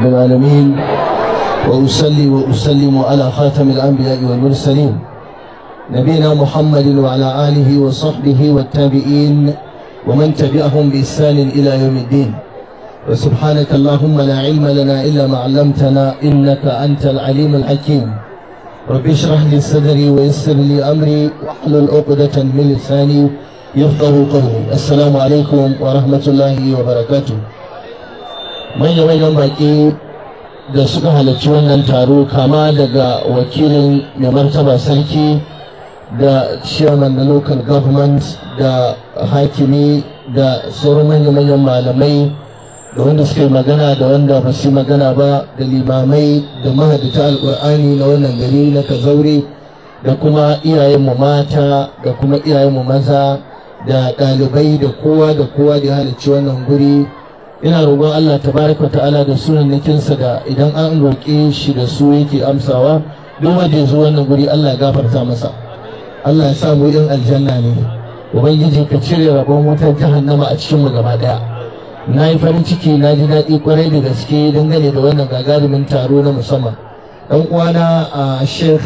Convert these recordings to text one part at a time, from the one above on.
رب العالمين وأصلي وأسلم على خاتم الأنبياء والمرسلين نبينا محمد وعلى آله وصحبه والتابعين ومن تبعهم بإحسان إلى يوم الدين وسبحانك اللهم لا علم لنا إلا ما علمتنا إنك أنت العليم الحكيم رب اشرح لي صدري ويسر لي أمري واحلل عقدة من لساني يفقه قولي السلام عليكم ورحمة الله وبركاته manya-manyan baƙi da suka halarci wannan taro kama daga wakilin mai martaba sarki da chairman na local government da hakimi da sauran manya-manyan malamai da wanda suka yi magana da wanda ba su magana ba da limamai da mahadita alkur'ani na wannan gari na kazaure da kuma iyayenmu mata da kuma iyayenmu maza da ɗalibai da kowa da kowa da halarci wannan guri ina roƙon Allah tabaraka ta'ala da sunan nikinsa da idan an roƙe shi da su yake amsawa duk wanda ya zo wannan guri Allah ya gafarta masa Allah ya samu mu yan aljanna ne ubangiji ka cire rabon wutar jahannama a cikin mu gaba daya na yi farin ciki na ji daɗi kwarai da gaske dangane da wannan gagarumin taro na musamman dan uwana a sheikh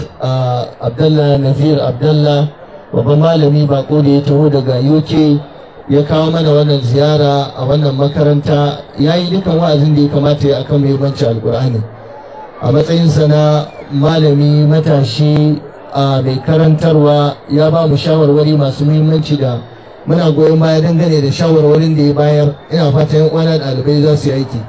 abdallah nazir abdallah babban malami bako da ya taho daga uk ya kawo mana wannan ziyara a wannan makaranta ya yi dukan wa'azin da ya kamata ya akan muhimmancin alkur'ani a matsayinsa na malami matashi a mai karantarwa ya ba mu shawarwari masu muhimmanci da muna goyon baya dangane da shawarwarin da ya bayar ina fata yan uwana ɗalibai za su yi aiki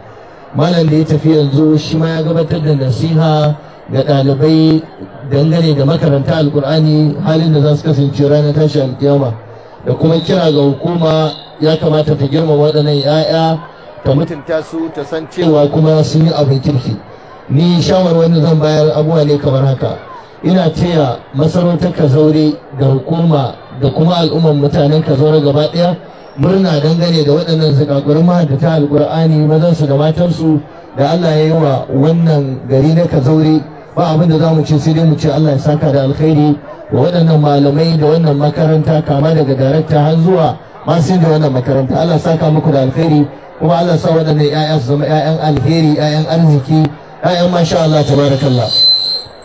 malam da ya tafi yanzu shi ma ya gabatar da nasiha ga ɗalibai dangane da makaranta alkur'ani halin da za su kasance ranar tashi alkiyama da kuma kira ga hukuma ya kamata ta girma waɗannan 'ya'ya ta mutunta su ta san cewa kuma sun yi abin kirki ni shawarwarin zan bayar abuwa ne kamar haka ina taya masarautar kazaure ga hukuma da kuma al'umman mutanen kazaure gaba ɗaya murna dangane da waɗannan da mahaddata alƙur'ani mazansu da matansu da allah ya yi wa wannan gari na kazaure ba abin da za mu ce sai dai mu ce Allah ya saka da alkhairi wa waɗannan malamai da wannan makaranta kama daga darakta har zuwa masu da wannan makaranta Allah Ya saka muku da alkhairi kuma Allah ya sa waɗannan 'ya'ya su zama 'ya'yan alheri 'ya'yan arziki 'ya'yan masha Allah tabarakallah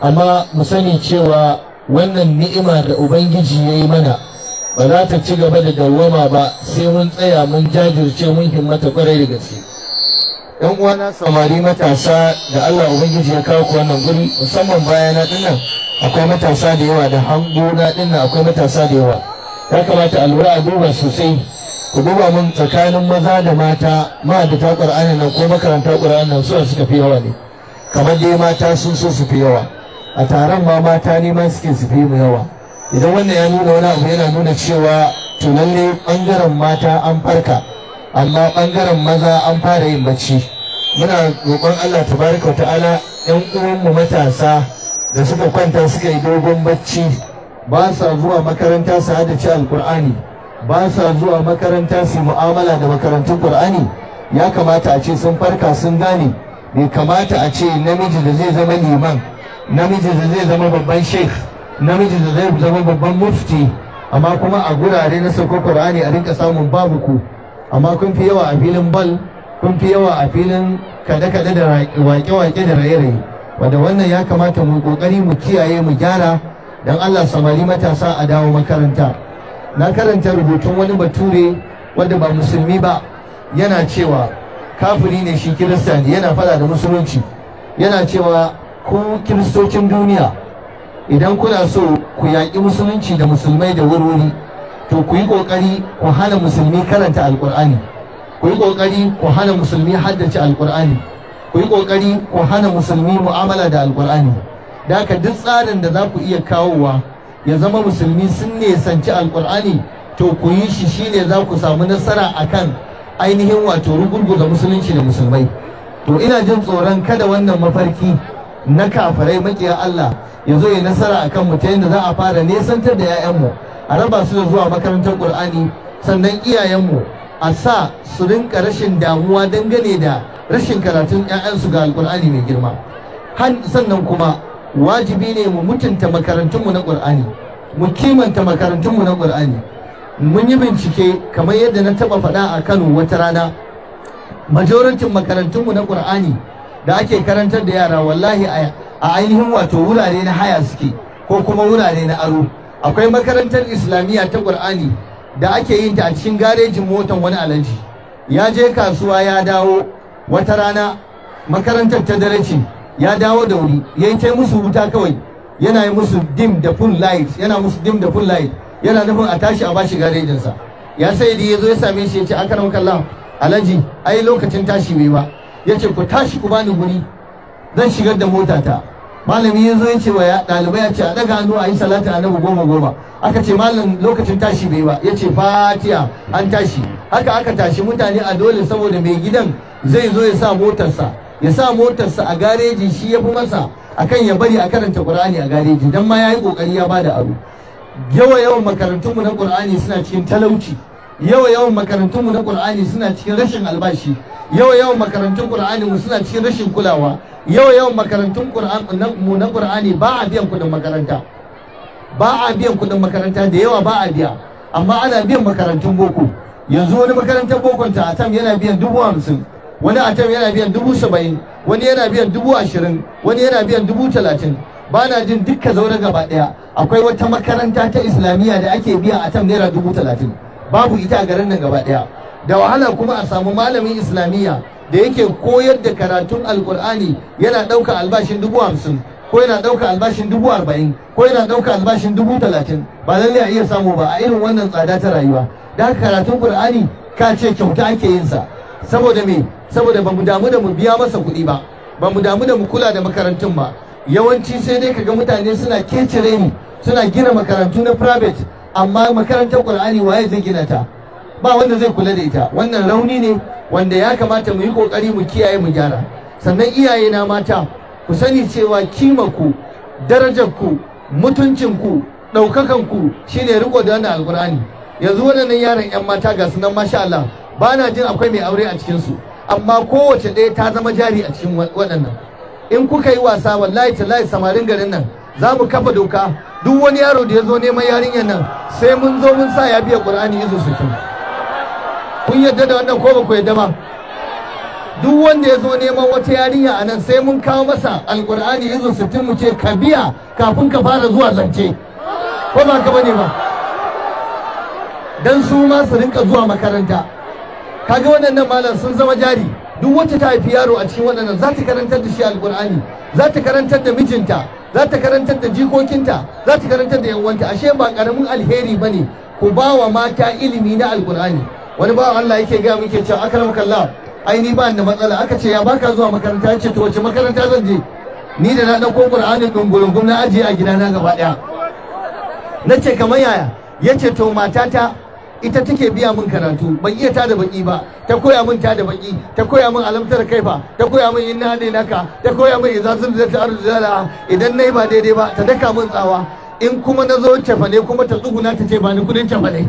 amma mu sani cewa wannan ni'ima da ubangiji ya yi mana ba za ta ci gaba da dawwama ba sai mun tsaya mun jajirce mun himmata kwarai da gaske yan uwana samari matasa da Allah ubangiji ya kawo ku wannan guri musamman bayana nan akwai matasa da yawa da hango na nan akwai matasa da yawa ya kamata a lura a duba sosai ku duba mun tsakanin maza da mata ta qur'ani nan ko makaranta qur'ani nan su suka fi yawa ne kamar dai mata sun so su fi yawa a taron ma mata ne ma suke su fi mu yawa idan wannan ya nuna wani abu yana nuna cewa to ɓangaren bangaren mata an farka amma bangaren maza an fara yin bacci muna roƙon Allah tabaraka wa ta'ala yan uwanmu matasa da suka kwanta suka yi dogon bacci ba sa zuwa makaranta su hada ci alkur'ani ba sa zuwa makaranta su mu'amala da makarantun ƙur'ani, ya kamata a ce sun farka sun gane bai kamata a ce namiji da zai zama liman namiji da zai zama babban sheikh namiji da zai zama babban mufti amma kuma a gurare na sauko ƙur'ani a rinka samun babu ku amma kun fi yawa a filin bal kun fi yawa a filin kada-kada da wake-wake da raye-raye wanda wannan ya kamata mu kokari mu kiyaye mu gyara don Allah samari matasa a dawo makaranta na karanta rubutun wani bature wanda ba musulmi ba yana cewa kafiri ne shi kirista yana fada da musulunci yana cewa ku kiristocin duniya idan kuna so ku yaƙi musulunci da musulmai da wurwuri to ku yi kokari ku hana musulmi karanta alkur'ani ku yi kokari ku hana musulmi haddace alkur'ani ku yi kokari ku hana musulmi mu'amala da alkur'ani da haka duk tsarin da za ku iya kawowa ya zama musulmi sun nesanci alkur'ani to ku yi shi shine za ku samu nasara akan ainihin wato rugurguza musulunci da musulmai to ina jin tsoron kada wannan mafarki na kafarai maƙiya Allah ya zo ya nasara akan mu ta yadda za a fara nesantar da 'ya'yanmu a raba su da zuwa makarantar ƙul'ani sannan iyayenmu a sa su rinka rashin damuwa dangane da rashin karatun 'ya'yansu ga alƙul'ani mai girma sannan kuma wajibi ne mu mutunta makarantunmu na ƙur'ani mu kimanta makarantunmu na ƙur'ani mun yi bincike kamar yadda na taɓa faɗa a kano wata rana majorancin makarantunmu na ƙur'ani da ake karantar da yara wallahi a ainihin wato wurare na haya suke ko kuma wurare na aro akwai makarantar islamiyya ta qur'ani da ake yin ta a cikin garejin motan wani alaji ya je kasuwa ya dawo wata rana makarantar ta daraci ya dawo da wuri ya yi musu wuta kawai yana yi musu dim da full light yana musu dim da full light yana nufin a tashi a bashi garejinsa ya sai da ya ya same shi ya ce akaram kallon alaji ai lokacin tashi bai ba ya ce ku tashi ku bani guri zan shigar da motata malami ya zo ya ce wa ɗalibai ya ce a ɗaga hannu a yi salatin annabi goma goma aka ce malam lokacin tashi bai ba ya ce fatiya an tashi haka aka tashi mutane a dole saboda mai gidan zai zo ya sa motarsa ya sa motarsa a gareji shi ya fi masa akan ya bari a karanta qur'ani a gareji dan ma yi kokari ya bada aro yawa yawan makarantunmu na qur'ani suna cikin talauci yawa yawan makarantunmu na Qur'ani suna cikin rashin albashi yawa yawan makarantun Qur'ani mu suna cikin rashin kulawa yawa yawan makarantun mu na Qur'ani ba a biyan kuɗin makaranta ba a biyan kudin makaranta da yawa ba a biya amma ana biyan makarantun boko yanzu wani makarantar bokonta ta atam yana biyan dubu hamsin wani atam yana biyan dubu saba'in wani yana biyan dubu ashirin wani yana biyan dubu talatin ba na jin dukka zaune gaba daya akwai wata makaranta ta islamiyya da ake biya atam naira dubu talatin babu ita a garin nan gaba daya da wahala kuma a samu malamin islamiyya da yake koyar da karatun alkur'ani yana ɗauka albashin dubu hamsin ko yana ɗauka albashin dubu arba'in ko yana ɗauka albashin dubu talatin ba lallai a iya samu ba a irin wannan tsada ta rayuwa da haka karatun Kur'ani ka ce kyauta ake yin sa saboda me saboda ba damu da mu biya masa kuɗi ba ba mu damu da mu kula da makarantun ba yawanci sai dai kaga mutane suna kece ni suna gina makarantu na private amma makarantar ƙur'ani waye zai gina ta ba wanda zai kula da ita wannan rauni ne wanda ya kamata mu yi kokari mu kiyaye mu gyara sannan iyaye na mata ku sani cewa kimaku darajar ku mutuncin ku daukakan ku shine riko da wannan alqur'ani yanzu waɗannan yaran yan mata ga sunan masha Allah ba na jin akwai mai aure a cikin su amma kowace ɗaya ta zama jari a cikin waɗannan in kuka yi wasa wallahi tallahi samarin garin nan za mu kafa doka duk wani yaro da ya zo neman yarinyar nan sai mun zo mun sa ya biya qur'ani izu sittin kun yadda da wannan ko ba ku yadda ba duk wanda ya zo neman wata yarinya a nan sai mun kawo masa alkur'ani izu sittin mu ce ka biya kafin ka fara zuwa zance ko ba ka bane ba dan su ma su rinka zuwa makaranta kaga waɗannan malam sun zama jari duk wacce ta haifi yaro a cikin waɗannan za ta karantar da shi alƙur'ani za ta karantar da mijinta za ta karantar da jikokinta za ta karantar da yawanta. ashe ba ƙaramin alheri ba ne ku ba wa mata ilimi na alƙur'ani wani bawan Allah yake gaya muke cewa akramaka kalla? ai ni ba da matsala aka ce ya baka zuwa makaranta ce to wace makaranta zan je ni da na ɗauko ƙur'ani ɗungurungum na ajiye a gidana gaba ɗaya na ce kamar yaya ya ce to matata ita take biya min karatu ban iya tada baki ba ta koya min tada da baki ta koya min alamtar kaifa ta koya min inna ne naka ta koya min ta zulzilat arzala idan nayi ba daidai ba ta daka min tsawa in kuma na zo tafale kuma ta tsuguna ta ce ba ni kudin tafale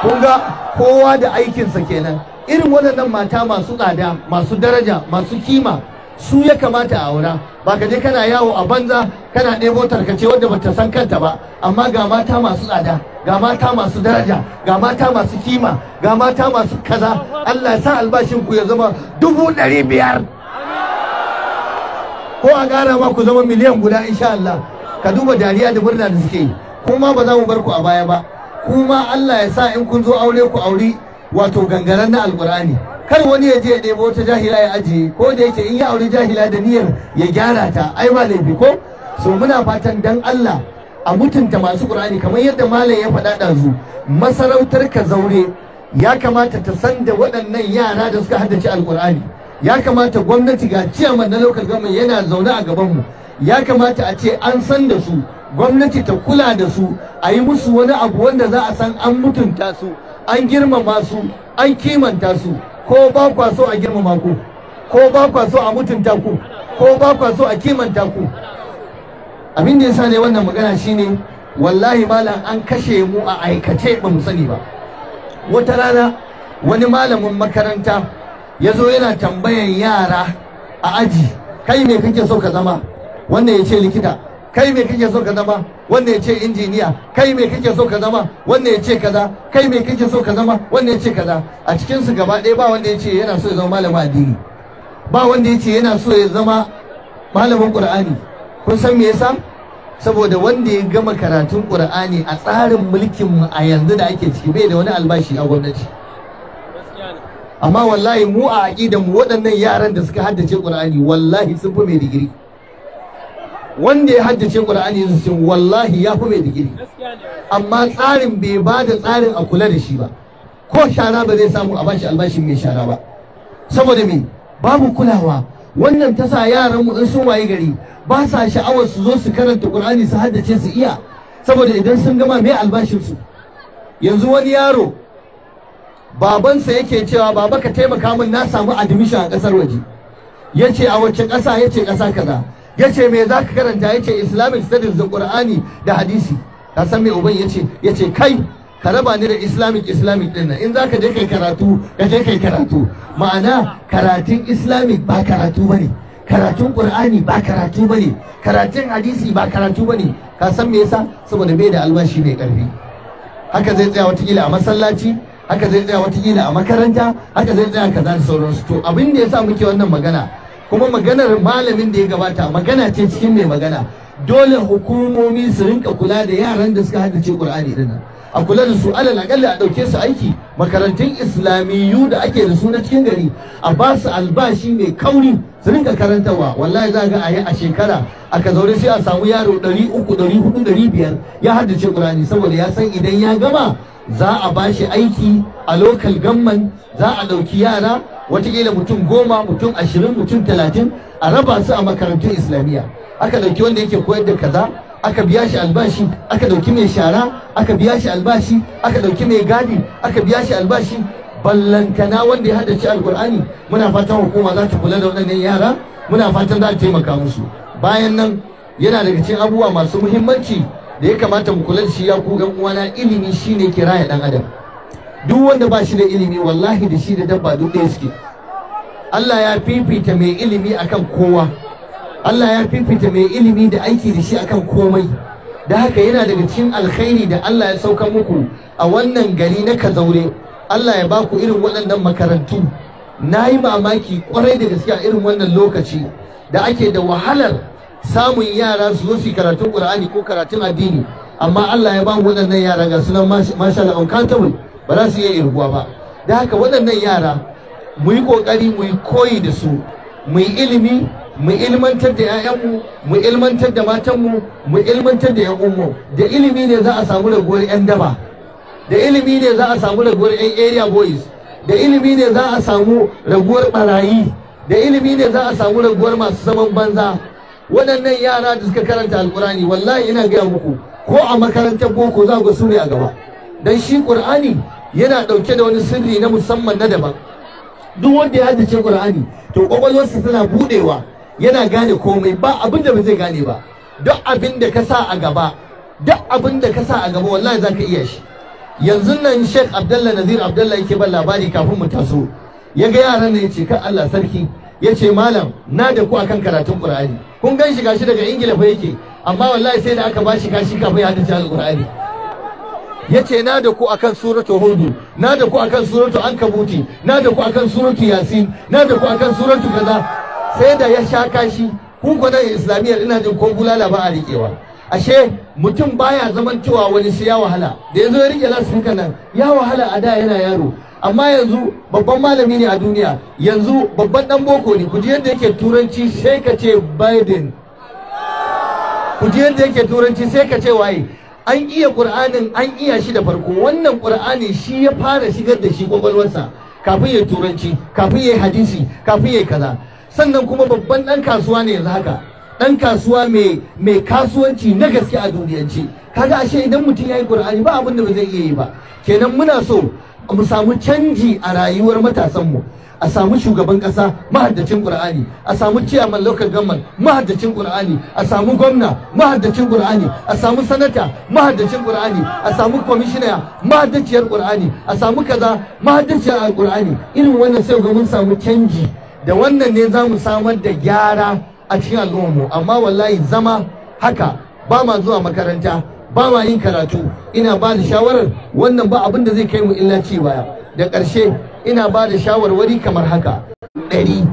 kun ga kowa da aikinsa kenan irin waɗannan mata masu tsada masu daraja masu kima su ya kamata a aura ba ka je kana yawo a banza kana ɗebo tarkace wanda ba ta san kanta ba amma ga mata masu tsada ga mata masu daraja ga mata masu kima ga mata masu kaza Allah ya sa albashin ku ya zama dubu ɗari biyar ko a gara ma ku zama miliyan guda insha Allah ka duba dariya da murna da suke yi kuma ba za mu bar ku a baya ba kuma Allah ya sa in kun zo aure ku auri wato gangaren na alkur'ani kar wani ya je ya ɗebo wata jahila ya ajiye ko da yake in ya auri jahila da niyyar ya gyara ta ai ba laifi ko so muna fatan dan Allah a mutunta masu Qur'ani kamar yadda malam ya faɗa ɗazu masarautar ka zaure ya kamata ta san da waɗannan yara da suka haddace alƙur'ani ya kamata gwamnati ga ciyaman na local government yana zaune a gaban mu ya kamata a ce an san da su gwamnati ta kula da su a yi musu wani abu wanda za a san an mutunta su an girmama su an kimanta su ko ba kwa so a girmama ku ko ba kwa so a mutunta ku ko ba kwa so a kimanta ku abin da yasa ne wannan magana shine wallahi malam an kashe mu a aikace ba mu sani ba wata rana wani malamin makaranta ya zo yana tambayan yara a aji kai me kake so ka zama wannan ya ce likita kai me kake so ka zama wannan ya ce injiniya kai me kake so ka zama wannan ya ce kaza kai me kake so ka zama wannan ya ce kaza a cikin su gaba ɗaya ba wanda ya ce yana so ya zama malamin addini ba wanda ya ce yana so ya zama malamin qur'ani kun san me yasa saboda wanda ya gama karatun qur'ani a tsarin mulkin mu a yanzu da ake ciki bai da wani albashi a gwamnati amma wallahi mu a aqidan mu waɗannan yaran da suka haddace qur'ani wallahi sun fi mai digiri wanda ya haddace Qur'ani yanzu sun wallahi ya fi mai digiri amma tsarin bai ba da tsarin a kula da shi ba ko shara ba zai samu a bashi albashin mai shara ba saboda me babu kulawa wannan ta sa yaran mu in sun waye gari ba sa sha'awar su zo su karanta Qur'ani su haddace su iya saboda idan sun gama mai albashin su yanzu wani yaro babansa yake cewa baba ka taimaka min na samu admission a kasar waje yace a wacce ƙasa yace kasa kaza ya ce me za ka karanta ya ce islamic studies da qur'ani da hadisi ka san me uban ya ce kai ka raba ni da islamic islamic dinnan in za ka je kai karatu ka je kai karatu ma'ana karatun islamic ba karatu bane karatun qur'ani ba karatu bane karatun hadisi ba karatu bane ka san me yasa saboda bai da albashi mai karfi haka zai tsaya watakila a masallaci haka zai tsaya watakila a makaranta haka zai tsaya kaza da sauransu to abin da yasa muke wannan magana kuma maganar malamin da ya gabata magana ce cikin mai magana dole hukumomi su rinka kula da yaran da suka haddace Qur'ani din a kula da su alal akalla a dauke su aiki makarantun islamiyu da ake da su na cikin gari a ba su albashi mai kauri su rinka karantawa wallahi za ga a a shekara a ka zaure sai a samu yaro 300 400 500 ya haddace Qur'ani saboda ya san idan ya gama za a shi aiki a lokal gamman za a dauki yara watakila mutum goma mutum ashirin mutum talatin a raba su a makarantun islamiyya aka ɗauki wanda yake koyar da kaza aka biya shi albashi aka ɗauki mai shara aka biya shi albashi aka ɗauki mai gadi aka biya shi albashi ballantana wanda ya haddace alkur'ani muna fatan hukuma za ta kula da waɗannan yara muna fatan za ta taimaka musu bayan nan yana daga cikin abubuwa masu muhimmanci da ya kamata mu kula da shi ya ku uwana ilimi shine kiraya ɗan adam duk wanda ba shi da ilimi wallahi da shi da dabba duk ɗaya suke Allah ya fifita mai ilimi akan kowa Allah ya fifita mai ilimi da aiki da shi akan komai da haka yana daga cikin alkhairi da Allah ya sauka muku a wannan gari na kazaure Allah ya baku irin waɗannan makarantu na yi mamaki kwarai da gaske a irin wannan lokaci da ake da wahalar samun yara su zo su karatun ƙur'ani ko karatun addini amma Allah ya ba waɗannan yara ga sunan masha Allah uncountable ba za su iya irguwa ba da haka waɗannan yara mu yi ƙoƙari mu yi koyi da su mu yi ilimi mu ilmantar da 'ya'yanmu mu ilmantar da matanmu mu ilmantar da 'yan'unmu da ilimi ne za a samu raguwar 'yan daba da ilimi ne za a samu raguwar 'yan area boys da ilimi ne za a samu raguwar barayi da ilimi ne za a samu raguwar masu zaman banza waɗannan yara da suka karanta alkurani wallahi ina gaya muku ko a makarantar boko za ku su ne a gaba dan shi ƙur'ani yana ɗauke da wani sirri na musamman na daban duk wanda ya haddace Qur'ani to kwakwalwarsa tana budewa yana gane komai ba abin da ba zai gane ba duk abin da ka sa a gaba duk abin da ka sa a gaba wallahi zaka iya shi yanzu nan Sheikh abdullahi Nazir abdullahi yake ban labari kafin mu taso ya ga yaran ne yace kan Allah sarki yace malam na da ku akan karatun Qur'ani kun gan shi gashi daga Ingila fa yake amma wallahi sai da aka bashi gashi kafin ya haddace Qur'ani yace na da ku akan suratu hudu na da ku akan suratu ankabuti na da ku akan suratu yasin na da ku akan suratu kaza sai da ya sha kashi ku gwanan islamiyyar ina jin ko bulala ba a riƙewa ashe mutum baya zaman cewa wani sai ya wahala da yanzu ya rike kan nan ya wahala a da yana yaro amma yanzu babban malami ne a duniya yanzu babban dan boko ne kuji yadda yake turanci sai ka ce biden kuji yadda yake turanci sai ka ce waye an iya ƙur'anin an iya shi da farko wannan ƙur'ani shi ya fara shigar da shi kwakwalwarsa kafin ya turanci kafin ya hadisi kafin ya kaza sannan kuma babban ɗan kasuwa ne yanzu haka ɗan kasuwa mai kasuwanci na gaske a duniyance kaga ashe idan mutum ya yi ƙur'ani ba abin da ba zai iya yi ba kenan muna so mu samu canji a rayuwar matasanmu a samu shugaban kasa mahaddacin qur'ani a samu chairman local government mahaddacin qur'ani a samu gwamna mahaddacin qur'ani a samu sanata mahaddacin qur'ani a samu commissioner mahaddaciyar qur'ani a samu kaza mahaddaciyar qur'ani irin wannan sai ga mun samu canji da wannan ne zamu mu samar da gyara a cikin al'ummar mu amma wallahi zama haka ba ma zuwa makaranta ba ma yin karatu ina ba da shawarar wannan ba abin da zai kai mu illa ci baya da ƙarshe ina ba da shawarwari kamar haka ɗari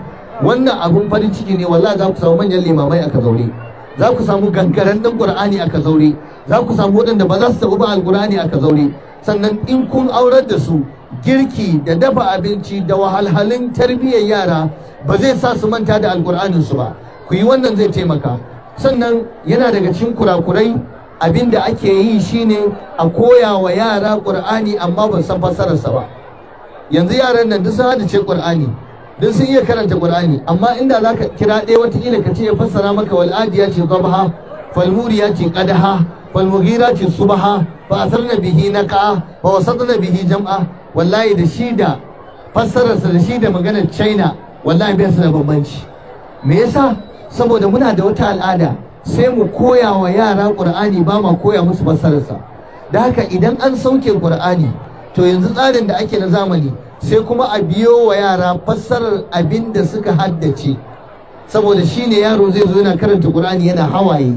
wannan abun farin ciki ne wallahi za ku samu manyan limamai a kazaure za ku samu gangaren dan qur'ani a kazaure za ku samu waɗanda ba za su tabu ba alqur'ani a kazaure sannan in kun aurar da su girki da dafa abinci da wahalhalun tarbiyyar yara ba zai sa su manta da alqur'anin su ba ku yi wannan zai taimaka sannan yana daga cikin kurakurai abin da ake yi shine a koya wa yara qur'ani amma ban san fassararsa ba yanzu yaran nan duk sun hadice qur'ani duk sun iya karanta ƙur'ani amma inda zaka kira ɗaya wata ka ce ya fassara maka wal adiya ce zabha fal muriya ce qadaha fal mughira ce subha fa asarna bihi naqa fa wasatna bihi jam'a wallahi da shi da fassararsa da shi da maganar china wallahi bai sa bambanci me yasa saboda muna da wata al'ada sai mu koya wa yara qur'ani ba ma koya musu fassararsa da haka idan an sauke qur'ani to yanzu tsarin da ake na zamani sai kuma a biyo wa yara fassarar abin da suka haddace saboda shi ne yaro zai zo yana karanta Qur'ani yana hawaye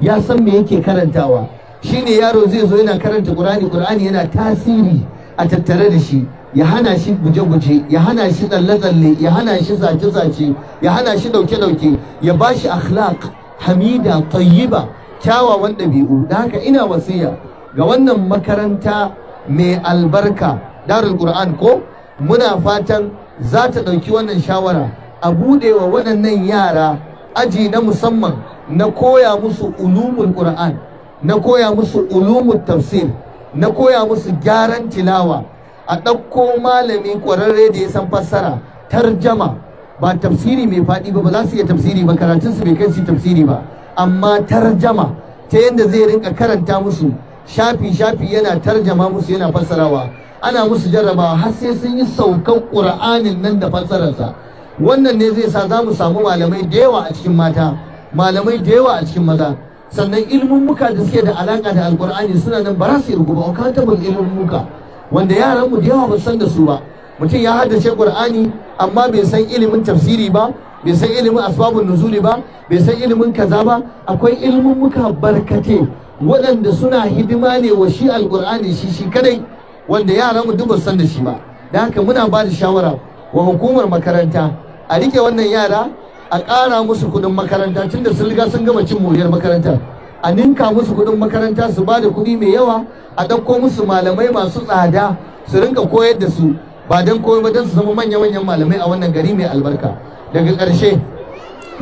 ya san me yake karantawa Shi ne yaro zai zo yana karanta Qur'ani Qur'ani yana tasiri a tattare da shi ya hana shi guje-guje ya hana shi tsalle-tsalle ya hana shi zace-zace ya hana shi dauke-dauke ya ba shi akhlaq hamida tayyiba kyawawan ɗabi'u da haka ina wasiya ga wannan makaranta mai albarka darul qur'an ko muna fatan za ta ɗauki wannan shawara a wa waɗannan yara aji na musamman na koya musu ulumul qur'an na koya musu ulumul tafsir na koya musu gyaran tilawa a ɗauko malami ƙwararre da ya san fassara tarjama ba tafsiri mai faɗi ba ba za su iya tafsiri ba karatunsu bai kai su tafsiri ba amma tarjama ta yadda zai rinka karanta musu shafi shafi yana tarjama musu yana fassarawa ana musu jarrabawa har sai sun yi saukan Ƙur'ani nan da fassararsa wannan ne zai sa za mu samu malamai da yawa a cikin mata malamai da yawa a cikin maza sannan ilmummuka da suke da alaƙa da alƙur'ani suna nan ba za su irgu ba accountabul muka wanda yaran mu da yawa ba san da su ba mutum ya haddace ƙur'ani amma bai san ilimin tafsiri ba bai san ilimin asbabun nuzuli ba bai san ilimin kaza ba akwai muka barkate waɗanda suna hidima ne wa shi Alƙur'ani shi shi kadai wanda yaranmu mu duk san da shi ba da haka muna ba da shawara wa hukumar makaranta a rike wannan yara a ƙara musu kuɗin makaranta tunda sun riga sun gama cin moriyar makaranta a ninka musu kuɗin makaranta su ba da kuɗi mai yawa a ɗauko musu malamai masu tsada su rinka koyar da su ba don koyar ba don su zama manya-manyan malamai a wannan gari mai albarka daga ƙarshe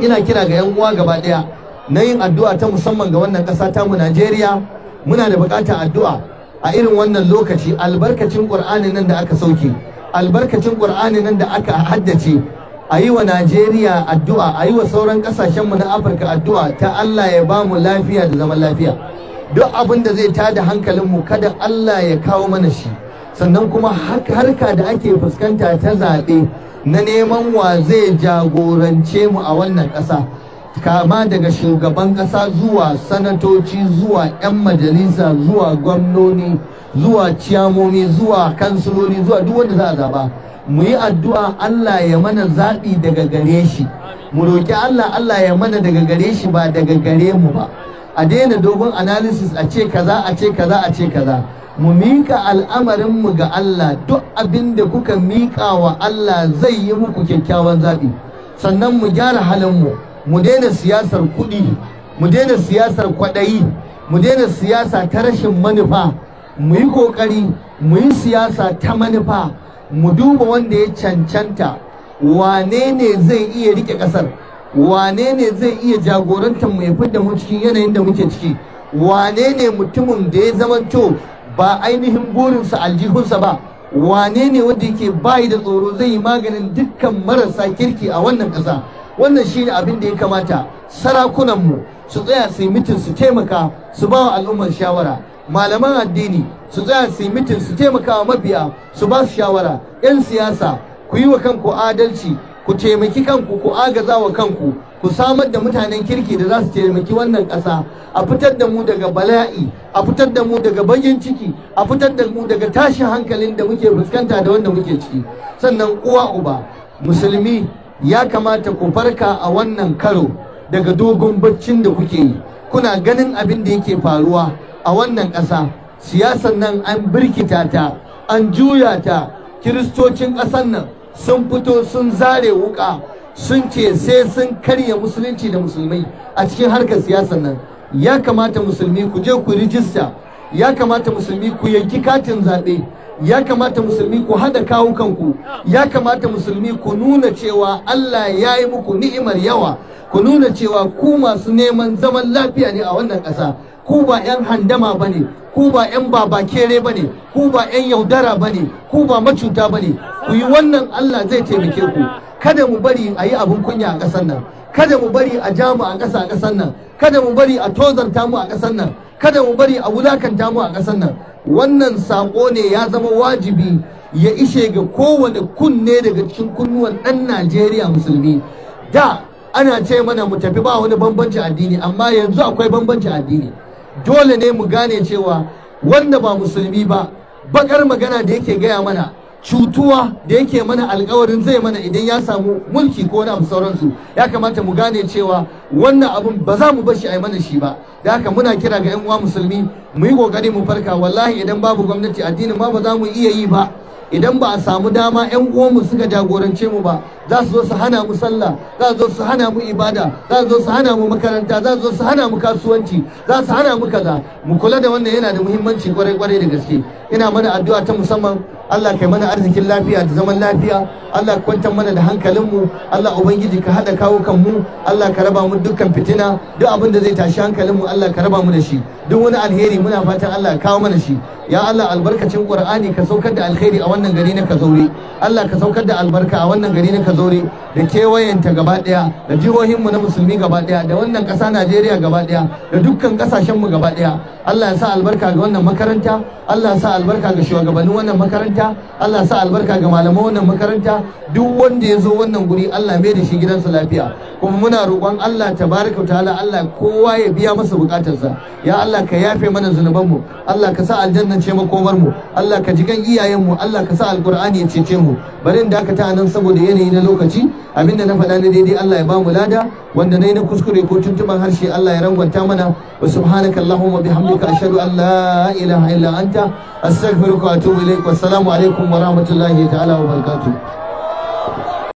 ina kira ga 'yan uwa gaba ɗaya na yin addu'a ta musamman ga wannan ƙasa ta mu Najeriya muna da buƙatar addu'a a irin wannan lokaci albarkacin Ƙur'ani nan da aka sauke albarkacin Ƙur'ani nan da aka haddace a yi wa Najeriya addu'a a yi wa sauran ƙasashen mu na Afirka addu'a ta Allah ya ba mu lafiya da zaman lafiya duk abin da zai tada hankalin mu kada Allah ya kawo mana shi sannan kuma harka da ake fuskanta ta zaɓe na neman wa zai jagorance mu a wannan ƙasa kama daga shugaban ƙasa zuwa sanatoci zuwa 'yan majalisa zuwa gwamnoni zuwa ciyamomi zuwa kansiloli zuwa duk wanda za a zaba mu yi addu'a Allah ya mana zaɓi daga gare shi mu roƙi Allah Allah ya mana daga gare shi ba daga gare mu ba a daina dogon analysis a ce kaza a ce kaza a ce kaza mu mika al'amarin mu ga Allah duk abin da kuka miƙa wa Allah zai yi muku kyakkyawan zaɓi sannan mu gyara halin mu mu daina siyasar kuɗi mu daina siyasar kwaɗayi mu daina siyasa ta rashin manufa mu yi ƙoƙari mu yi siyasa ta manufa mu duba wanda ya cancanta wane ne zai iya rike ƙasar wane ne zai iya jagorantar mu ya da mu cikin yanayin da muke ciki wane ne mutumin da ya zamanto ba ainihin burinsa aljihunsa ba wane ne wanda yake bayi da tsoro zai yi maganin dukkan marasa kirki a wannan ƙasa wannan shine abin da ya kamata sarakunanmu su tsaya su yi mitin su taimaka su ba wa al'ummar shawara malaman addini su tsaya su yi mitin su taimaka wa mabiya su ba su shawara 'yan siyasa ku yi wa kanku adalci ku taimaki kanku ku agaza wa kanku ku samar da mutanen kirki da za su taimaki wannan ƙasa a fitar da mu daga bala'i a fitar da mu daga bakin ciki a fitar da mu daga tashin hankalin da muke fuskanta da wanda muke ciki sannan uwa uba musulmi ya kamata ku farka a wannan karo daga dogon baccin da kuke yi kuna ganin abin da yake faruwa a wannan ƙasa siyasar nan an birkita ta an juya ta kiristocin ƙasar nan sun fito sun zare wuka sun ce sai sun karya musulunci da musulmai a cikin harkar siyasar nan ya kamata musulmi ku je ku rijista ya kamata musulmi ku yanki katin zaɓe ya kamata musulmi ku hada kawukan ku. ya kamata musulmi ku nuna cewa Allah ya yi muku ni'imar yawa ku nuna cewa ku masu neman zaman lafiya ne a wannan ƙasa ku ba 'yan handama ba ne ku ba 'yan babakere ba ne ku ba 'yan yaudara ba ne ku ba macuta ba ne ku yi wannan Allah zai taimake ku kada mu bari a yi abin kunya a ƙasar nan kada mu bari a mu a ƙasa a ƙasar nan kada mu bari a tozarta mu a ƙasar nan kada mu bari a wulakanta mu a ƙasar nan wannan saƙo ne ya zama wajibi ya ishe ga kowane kunne daga cikin kunnuwan ɗan Najeriya musulmi da ana ce mana mu tafi ba wani bambanci addini amma yanzu akwai bambanci addini dole ne mu gane cewa wanda ba musulmi ba bakar magana da yake gaya mana cutuwa da yake mana alkawarin zai mana idan ya samu mulki ko na abu sauransu ya kamata mu gane cewa wannan abun ba za mu bar shi a mana shi ba da haka muna kira ga 'yan uwa musulmi mu yi kokari mu farka wallahi idan babu gwamnati addinin ma ba za mu iya yi ba idan ba a samu dama 'yan uwanmu suka jagorance mu ba za su zo su hana mu sallah za su zo su hana mu ibada za su zo su hana mu makaranta za su zo su hana mu kasuwanci za su hana mu kaza mu kula da wannan yana da muhimmanci kwarai kwarai da gaske ina mana addu'a ta musamman Allah kai mana arzikin lafiya da zaman lafiya Allah kwantar mana da hankalin mu. Allah ubangiji ka hada kawo kan mu Allah ka raba mu dukkan fitina duk abin da zai tashi hankalin mu, Allah ka raba mu da shi duk wani alheri muna fatan Allah kawo mana shi ya Allah albarkacin Qur'ani ka saukar da alheri a wannan gari na Kazauri Allah ka saukar da albarka a wannan gari na zaure da kewayenta gaba daya da jihohinmu na musulmi gaba daya da wannan kasa najeriya gaba daya da dukkan kasashenmu gaba daya allah ya sa albarka ga wannan makaranta allah ya sa albarka ga shugabannin wannan makaranta allah ya sa albarka ga malaman wannan makaranta duk wanda ya zo wannan guri allah mai da shi gidansa lafiya kuma muna roƙon allah ta tabaraka ta'ala allah kowa ya biya masa bukatarsa ya allah ka yafe mana zunubanmu allah ka sa aljannan ce makomarmu allah ka jigan iyayenmu allah ka sa alƙur'ani ya cece mu bari da aka ta nan saboda yanayi na lokaci da na faɗa na daidai Allah ya bamu lada wanda nayi na kuskure ko tuntuban harshe Allah ya rangwanta mana wa subhanaka allahumma bihamdika ashhadu an la ilaha illa anta astaghfiruka wa atubu ilaik wa assalamu alaikum wa rahmatullahi ta'ala wa barakatuh